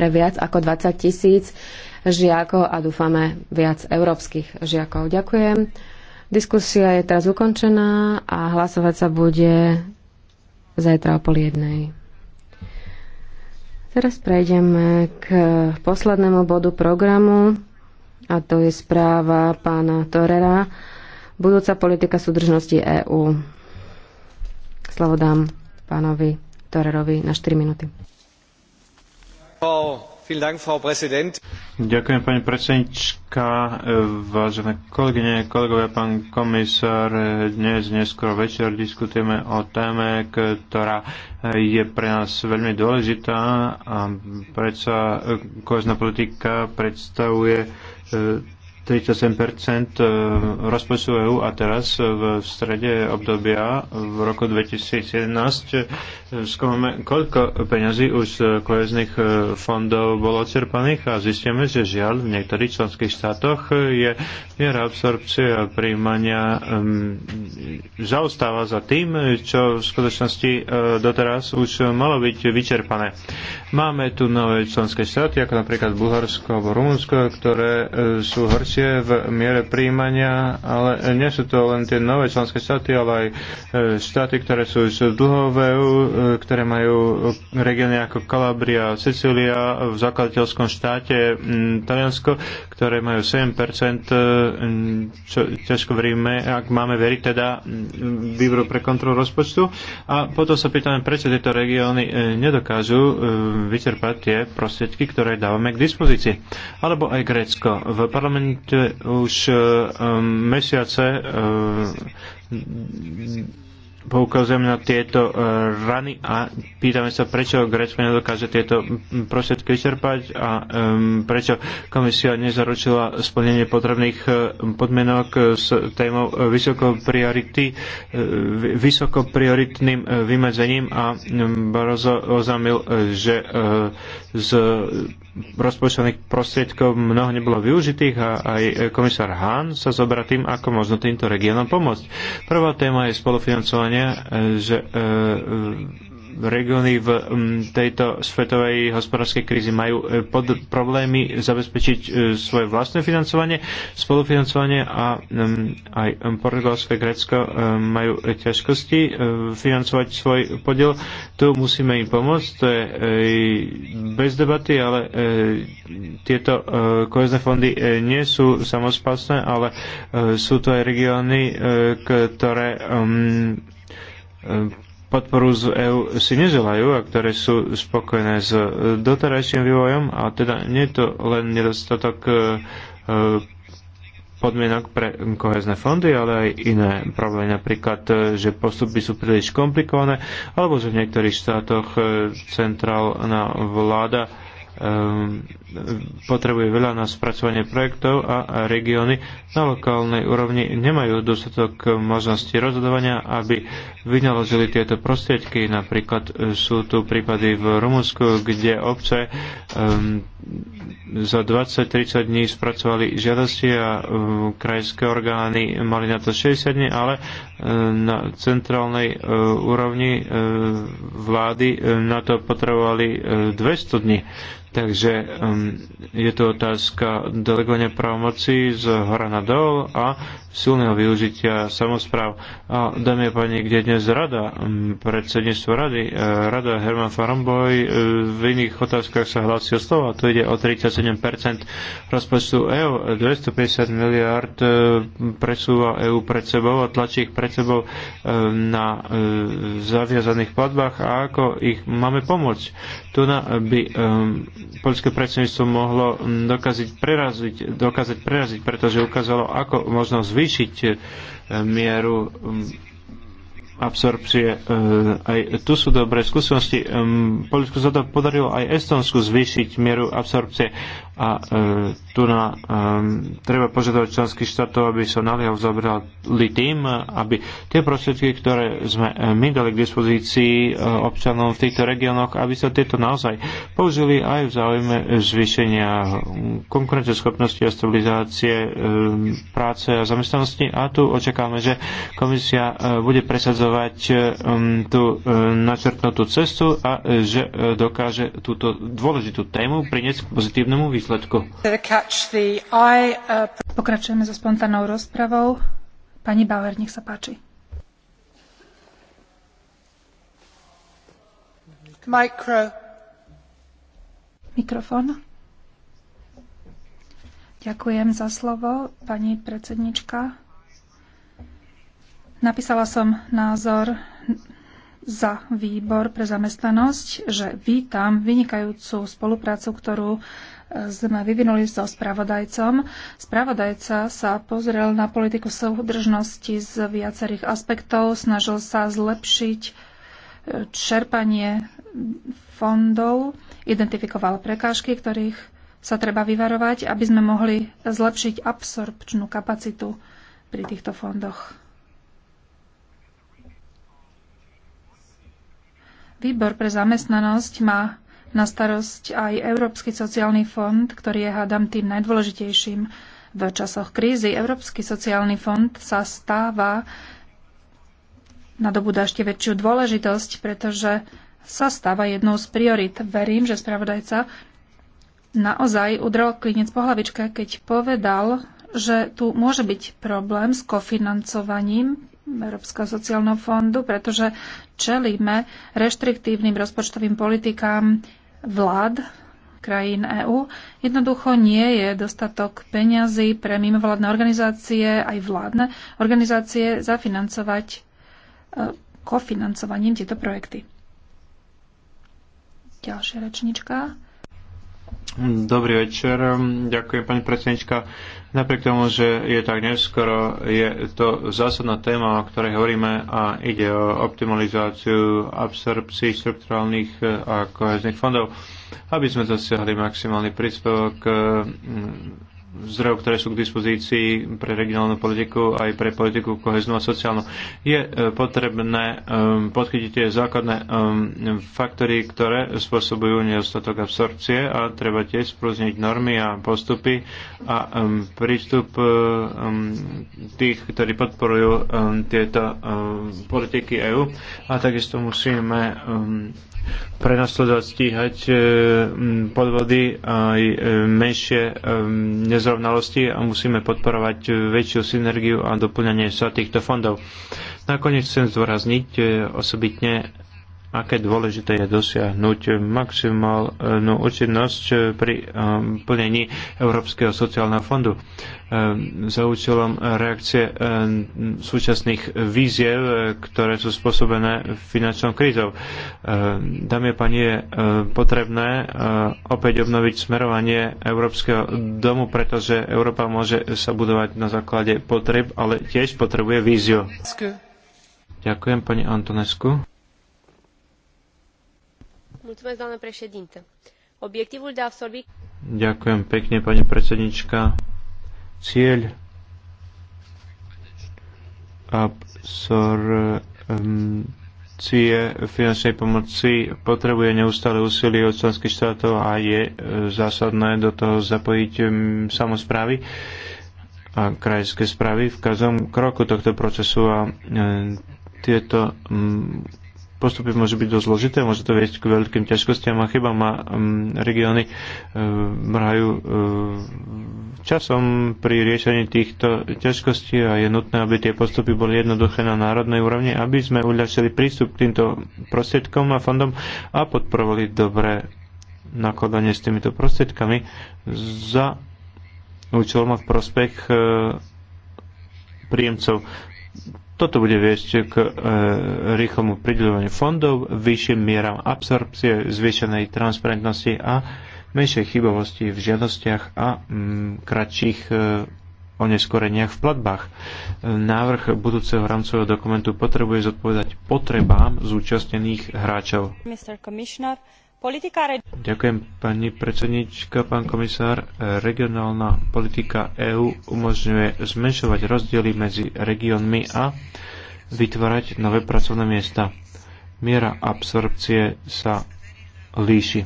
pre viac ako 20 tisíc žiakov a dúfame viac európskych žiakov. Ďakujem. Diskusia je teraz ukončená a hlasovať sa bude zajtra o pol jednej. Teraz prejdeme k poslednému bodu programu a to je správa pána Torera. Budúca politika súdržnosti EÚ. Slovo dám pánovi Torerovi na 4 minúty. Ďakujem pani predsednička, vážené kolegyne, kolegovia, pán komisár. Dnes neskoro večer diskutujeme o téme, ktorá je pre nás veľmi dôležitá a predsa kohezná politika predstavuje 37 e, rozpočtu EU a teraz v strede obdobia v roku 2017 e, skúmame, koľko peňazí už z kohezných e, fondov bolo čerpaných a zistíme, že žiaľ v niektorých členských štátoch je miera absorpcie a príjmania um, zaostáva za tým, čo v skutočnosti uh, doteraz už malo byť vyčerpané. Máme tu nové členské štáty, ako napríklad Bulharsko alebo Rumunsko, ktoré uh, sú horšie investície v miere príjmania, ale nie sú to len tie nové členské štáty, ale aj e, štáty, ktoré sú už dlho v EU, e, ktoré majú regióny ako Kalabria, Sicília v zakladateľskom štáte Taliansko, ktoré majú 7%, e, čo ťažko veríme, ak máme veriť teda výboru pre kontrolu rozpočtu. A potom sa pýtame, prečo tieto regióny e, nedokážu e, vyčerpať tie prostriedky, ktoré dávame k dispozícii. Alebo aj Grécko. V parlamente už mesiace poukazujeme na tieto e, rany a pýtame sa, prečo Grécko nedokáže tieto prostriedky vyčerpať a um, prečo komisia nezaručila splnenie potrebných e, podmienok s témou vysoko priority, e, vysoko prioritným vymedzením a Barozo oznámil, že z rozpočtovaných prostriedkov mnoho nebolo využitých a aj komisár Hahn sa zoberá tým, ako možno týmto regiónom pomôcť. Prvá téma je spolufinancovanie, že e, regióny v mm, tejto svetovej hospodárskej krízi majú e, pod problémy zabezpečiť e, svoje vlastné financovanie, spolufinancovanie a mm, aj Portugalsko a Grécko e, majú ťažkosti financovať svoj podiel. Tu musíme im pomôcť, to je bez debaty, ale tieto kohezné fondy nie sú samospasné, ale sú to aj regióny, ktoré mm, podporu z EÚ si neželajú a ktoré sú spokojné s e, doterajším vývojom a teda nie je to len nedostatok e, e, podmienok pre kohezné fondy, ale aj iné problémy, napríklad, že postupy sú príliš komplikované, alebo že v niektorých štátoch centrálna vláda Ehm, potrebuje veľa na spracovanie projektov a regióny na lokálnej úrovni nemajú dostatok možnosti rozhodovania, aby vynaložili tieto prostriedky. Napríklad e, sú tu prípady v Rumunsku, kde obce ehm, za 20-30 dní spracovali žiadosti a ehm, krajské orgány mali na to 60 dní, ale e, na centrálnej e, úrovni vlády na to potrebovali 200 dní. Takže um, je to otázka delegovania právomocí z hora na dol a silného využitia samozpráv. A dámy a pani, kde dnes rada, um, predsedníctvo rady, uh, rada Herman Faramboj uh, v iných otázkach sa hlási o slovo a tu ide o 37% rozpočtu EU, 250 miliard presúva EU pred sebou a tlačí ich pred sebou uh, na zaviazaných platbách a ako ich máme pomôcť. Tu na, by um, poľské predsedníctvo mohlo mm, dokaziť preraziť, dokázať preraziť, pretože ukázalo, ako možno zvýšiť e, mieru mm, absorpcie. E, aj tu sú dobré skúsenosti. E, Polsku sa to podarilo aj Estonsku zvýšiť mieru absorpcie. A e, tu na, e, treba požiadať členských štátov, aby sa naliav zobrali tým, aby tie prostriedky, ktoré sme e, my dali k dispozícii e, občanom v týchto regiónoch, aby sa tieto naozaj použili aj v záujme zvýšenia konkurenceschopnosti a stabilizácie e, práce a zamestnanosti. A tu očakávame, že komisia e, bude presadzovať e, tú e, načrtnutú cestu a e, že e, dokáže túto dôležitú tému priniesť k pozitívnemu výsledku výsledku. Pokračujeme so spontánnou rozpravou. Pani Bauer, nech sa páči. Micro. Mikrofón. Ďakujem za slovo, pani predsednička. Napísala som názor za výbor pre zamestnanosť, že vítam vynikajúcu spoluprácu, ktorú sme vyvinuli so spravodajcom. Spravodajca sa pozrel na politiku súdržnosti z viacerých aspektov, snažil sa zlepšiť e, čerpanie fondov, identifikoval prekážky, ktorých sa treba vyvarovať, aby sme mohli zlepšiť absorpčnú kapacitu pri týchto fondoch. Výbor pre zamestnanosť má na starosť aj Európsky sociálny fond, ktorý je, hádam, tým najdôležitejším v časoch krízy. Európsky sociálny fond sa stáva dobu ešte väčšiu dôležitosť, pretože sa stáva jednou z priorit. Verím, že spravodajca naozaj udrel klinec po hlavičke, keď povedal, že tu môže byť problém s kofinancovaním Európskeho sociálneho fondu, pretože čelíme reštriktívnym rozpočtovým politikám vlád krajín EÚ. Jednoducho nie je dostatok peňazí pre mimovládne organizácie, aj vládne organizácie zafinancovať e, kofinancovaním tieto projekty. Ďalšia rečnička. Dobrý večer, ďakujem pani predsednička. Napriek tomu, že je tak neskoro, je to zásadná téma, o ktorej hovoríme a ide o optimalizáciu absorpcií štrukturálnych a kohezných fondov, aby sme zasiahli maximálny príspevok zdrojov, ktoré sú k dispozícii pre regionálnu politiku aj pre politiku koheznú a sociálnu. Je e, potrebné e, podchytiť tie základné e, faktory, ktoré spôsobujú nedostatok absorpcie a treba tiež sprúzniť normy a postupy a prístup tých, ktorí podporujú tieto politiky EÚ a takisto musíme prenasledovať, stíhať podvody aj menšie nezrovnalosti a musíme podporovať väčšiu synergiu a doplňanie sa týchto fondov. Nakoniec chcem zdôrazniť eh, osobitne aké dôležité je dosiahnuť maximálnu účinnosť pri um, plnení Európskeho sociálneho fondu um, za účelom reakcie um, súčasných víziev, ktoré sú spôsobené finančnou krízou. Dámy a pani, je potrebné uh, opäť obnoviť smerovanie Európskeho domu, pretože Európa môže sa budovať na základe potreb, ale tiež potrebuje víziu. Ďakujem pani Antonesku. Obiectivul de absorbi... Ďakujem pekne, pani predsednička. Cieľ absorpcie finančnej pomoci potrebuje neustále úsilie od členských štátov a je e, zásadné do toho zapojiť samozprávy a krajské správy v každom kroku tohto procesu a e, tieto postupy môžu byť dosť zložité, môže to viesť k veľkým ťažkostiam a chybám a um, regióny um, e, mrhajú um, e, časom pri riešení týchto ťažkostí a je nutné, aby tie postupy boli jednoduché na národnej úrovni, aby sme uľahčili prístup k týmto prostriedkom a fondom a podporovali dobré nakladanie s týmito prostriedkami za účelom a v prospech e, príjemcov toto bude viesť k e, rýchlemu prideľovaniu fondov, vyšším mieram absorpcie, zvýšenej transparentnosti a menšej chybovosti v žiadostiach a m, mm, kratších e, oneskoreniach v platbách. Návrh budúceho rámcového dokumentu potrebuje zodpovedať potrebám zúčastnených hráčov. Mr. Politika... Ďakujem pani predsednička, pán komisár. Regionálna politika EÚ umožňuje zmenšovať rozdiely medzi regiónmi a vytvárať nové pracovné miesta. Miera absorpcie sa líši.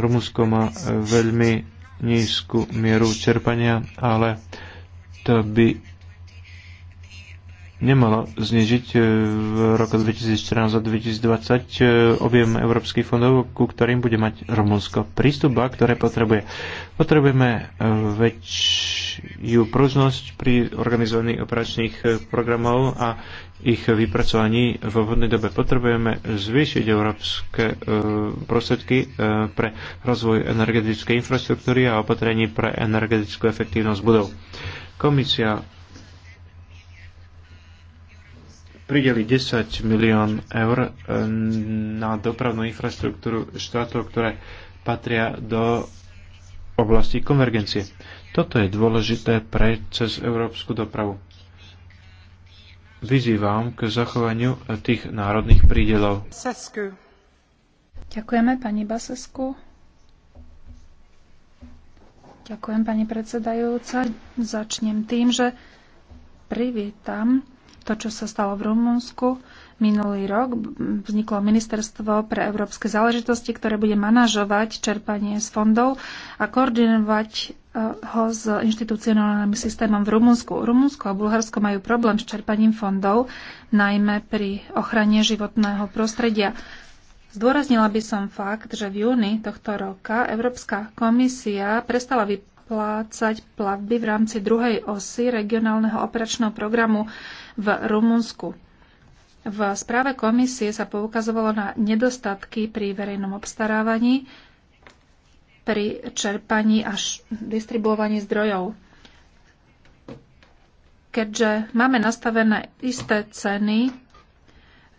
Rumunsko má veľmi nízku mieru čerpania, ale to by nemalo znižiť e, v roku 2014 a 2020 e, objem európskych fondov, ku ktorým bude mať Rumunsko prístup a ktoré potrebuje. Potrebujeme e, väčšiu pružnosť pri organizovaní operačných programov a ich vypracovaní v vhodnej dobe. Potrebujeme zvýšiť európske e, prostriedky e, pre rozvoj energetickej infraštruktúry a opatrení pre energetickú efektívnosť budov. Komisia prideli 10 milión eur eh, na dopravnú infraštruktúru štátov, ktoré patria do oblasti konvergencie. Toto je dôležité pre cez európsku dopravu. Vyzývam k zachovaniu tých národných prídelov. Sesku. Ďakujeme pani Basesku. Ďakujem pani predsedajúca. Začnem tým, že privítam to, čo sa stalo v Rumunsku minulý rok. Vzniklo ministerstvo pre európske záležitosti, ktoré bude manažovať čerpanie z fondov a koordinovať e, ho s inštitucionálnym systémom v Rumunsku. Rumunsko a Bulharsko majú problém s čerpaním fondov, najmä pri ochrane životného prostredia. Zdôraznila by som fakt, že v júni tohto roka Európska komisia prestala vyp- splácať plavby v rámci druhej osy regionálneho operačného programu v Rumunsku. V správe komisie sa poukazovalo na nedostatky pri verejnom obstarávaní, pri čerpaní a distribuovaní zdrojov. Keďže máme nastavené isté ceny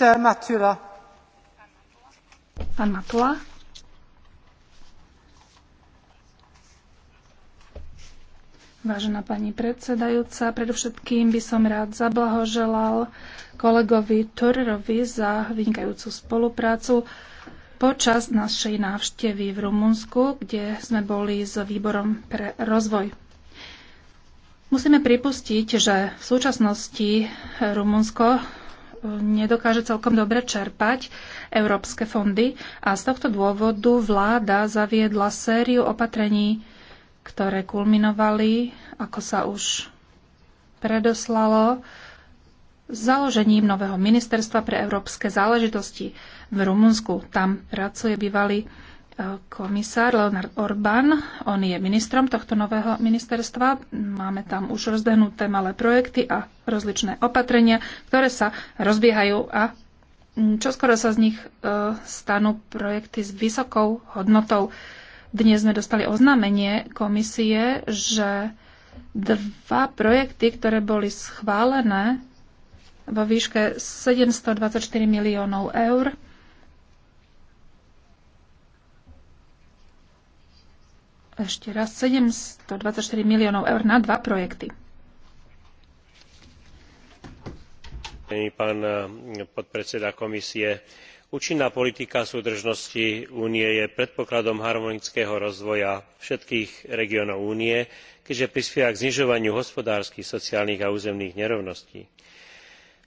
Vážená pani predsedajúca, predovšetkým by som rád zablahoželal kolegovi Torerovi za vynikajúcu spoluprácu počas našej návštevy v Rumunsku, kde sme boli s výborom pre rozvoj. Musíme pripustiť, že v súčasnosti Rumunsko nedokáže celkom dobre čerpať európske fondy a z tohto dôvodu vláda zaviedla sériu opatrení, ktoré kulminovali, ako sa už predoslalo, založením nového ministerstva pre európske záležitosti v Rumunsku. Tam pracuje bývalý komisár Leonard Orbán. On je ministrom tohto nového ministerstva. Máme tam už rozdehnuté malé projekty a rozličné opatrenia, ktoré sa rozbiehajú a čoskoro sa z nich e, stanú projekty s vysokou hodnotou. Dnes sme dostali oznámenie komisie, že dva projekty, ktoré boli schválené vo výške 724 miliónov eur, ešte raz 724 miliónov eur na dva projekty. Pán eh, podpredseda komisie, účinná politika súdržnosti únie je predpokladom harmonického rozvoja všetkých regiónov únie keďže prispieva k znižovaniu hospodárskych sociálnych a územných nerovností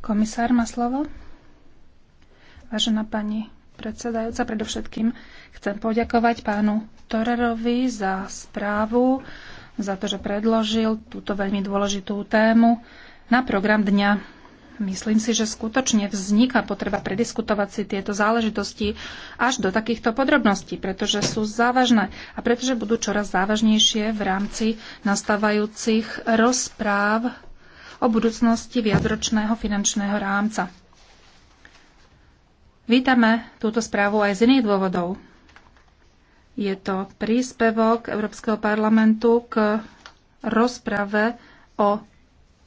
Komisár má slovo. Vážená pani predsedajúca, predovšetkým chcem poďakovať pánu Torerovi za správu, za to, že predložil túto veľmi dôležitú tému na program dňa. Myslím si, že skutočne vzniká potreba prediskutovať si tieto záležitosti až do takýchto podrobností, pretože sú závažné a pretože budú čoraz závažnejšie v rámci nastávajúcich rozpráv o budúcnosti viacročného finančného rámca. Vítame túto správu aj z iných dôvodov. Je to príspevok Európskeho parlamentu k rozprave o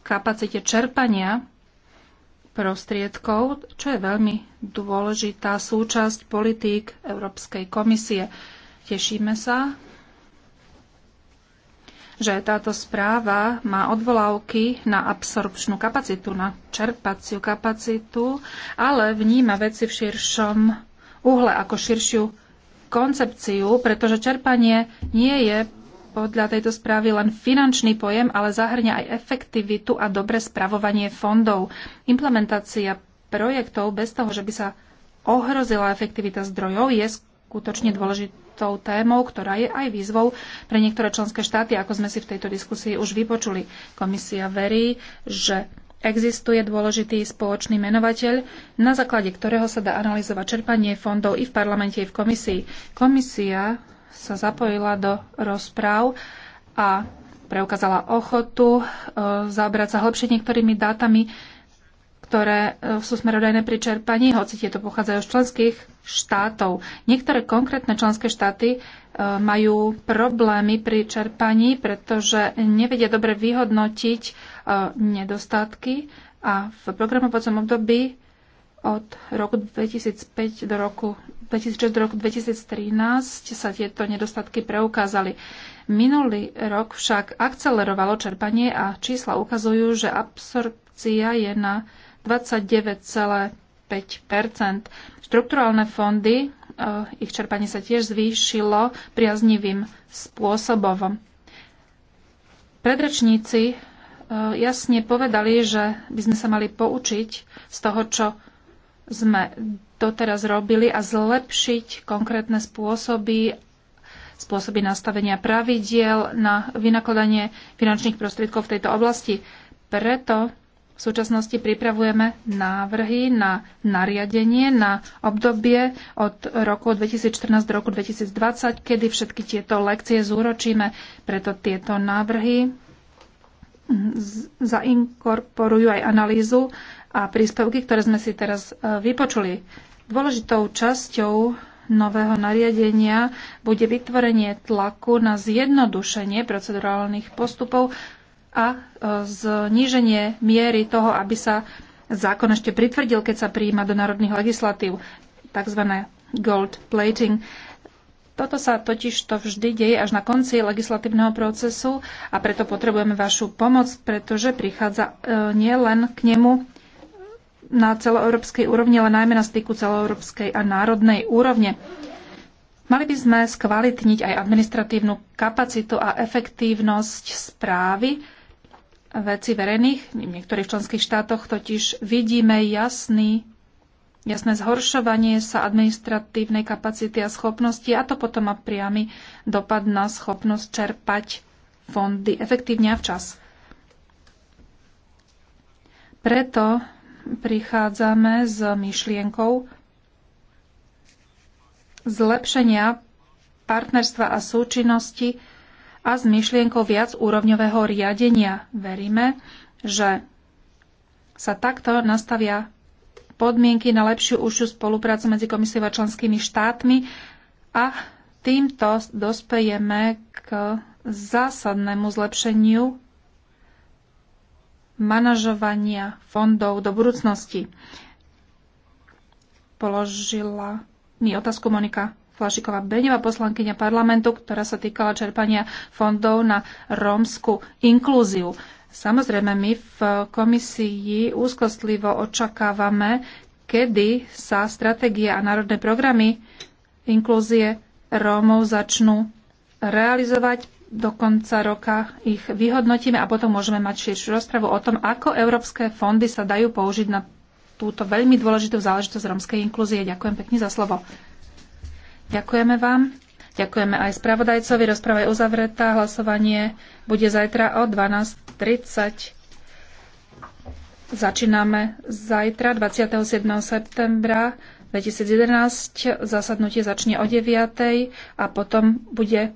kapacite čerpania prostriedkov, čo je veľmi dôležitá súčasť politík Európskej komisie. Tešíme sa že táto správa má odvolávky na absorpčnú kapacitu, na čerpaciu kapacitu, ale vníma veci v širšom uhle ako širšiu koncepciu, pretože čerpanie nie je podľa tejto správy len finančný pojem, ale zahrňa aj efektivitu a dobre spravovanie fondov. Implementácia projektov bez toho, že by sa ohrozila efektivita zdrojov, je skutočne dôležitou témou, ktorá je aj výzvou pre niektoré členské štáty, ako sme si v tejto diskusii už vypočuli. Komisia verí, že existuje dôležitý spoločný menovateľ, na základe ktorého sa dá analyzovať čerpanie fondov i v parlamente, i v komisii. Komisia sa zapojila do rozpráv a preukázala ochotu e, zaobrať sa hlbšie niektorými dátami, ktoré e, sú smerodajné pri čerpaní, hoci tieto pochádzajú z členských štátov. Niektoré konkrétne členské štáty e, majú problémy pri čerpaní, pretože nevedia dobre vyhodnotiť e, nedostatky a v programovacom období od roku 2005 do roku 2006 do roku 2013 sa tieto nedostatky preukázali. Minulý rok však akcelerovalo čerpanie a čísla ukazujú, že absorpcia je na 29,5 Štrukturálne fondy, e, ich čerpanie sa tiež zvýšilo priaznivým spôsobom. Predrečníci e, jasne povedali, že by sme sa mali poučiť z toho, čo sme doteraz robili a zlepšiť konkrétne spôsoby, spôsoby nastavenia pravidiel na vynakladanie finančných prostriedkov v tejto oblasti. Preto v súčasnosti pripravujeme návrhy na nariadenie na obdobie od roku 2014 do roku 2020, kedy všetky tieto lekcie zúročíme, preto tieto návrhy zainkorporujú aj analýzu a príspevky, ktoré sme si teraz e, vypočuli. Dôležitou časťou nového nariadenia bude vytvorenie tlaku na zjednodušenie procedurálnych postupov a e, zníženie miery toho, aby sa zákon ešte pritvrdil, keď sa prijíma do národných legislatív, tzv. gold plating. Toto sa totiž to vždy deje až na konci legislatívneho procesu a preto potrebujeme vašu pomoc, pretože prichádza e, nielen k nemu na celoeurópskej úrovni, ale najmä na styku celoeurópskej a národnej úrovne. Mali by sme skvalitniť aj administratívnu kapacitu a efektívnosť správy veci verejných. V niektorých členských štátoch totiž vidíme jasný, jasné zhoršovanie sa administratívnej kapacity a schopnosti a to potom má priamy dopad na schopnosť čerpať fondy efektívne a včas. Preto prichádzame s myšlienkou zlepšenia partnerstva a súčinnosti a s myšlienkou viac úrovňového riadenia. Veríme, že sa takto nastavia podmienky na lepšiu užšiu spoluprácu medzi komisiou a členskými štátmi a týmto dospejeme k zásadnému zlepšeniu manažovania fondov do budúcnosti. Položila mi otázku Monika Flašiková Beňová, poslankyňa parlamentu, ktorá sa týkala čerpania fondov na rómsku inklúziu. Samozrejme, my v komisii úzkostlivo očakávame, kedy sa stratégia a národné programy inklúzie Rómov začnú realizovať. Do konca roka ich vyhodnotíme a potom môžeme mať širšiu rozpravu o tom, ako európske fondy sa dajú použiť na túto veľmi dôležitú záležitosť rómskej inklúzie. Ďakujem pekne za slovo. Ďakujeme vám. Ďakujeme aj spravodajcovi. Rozprava je uzavretá. Hlasovanie bude zajtra o 12.30. Začíname zajtra, 27. septembra 2011. Zasadnutie začne o 9.00 a potom bude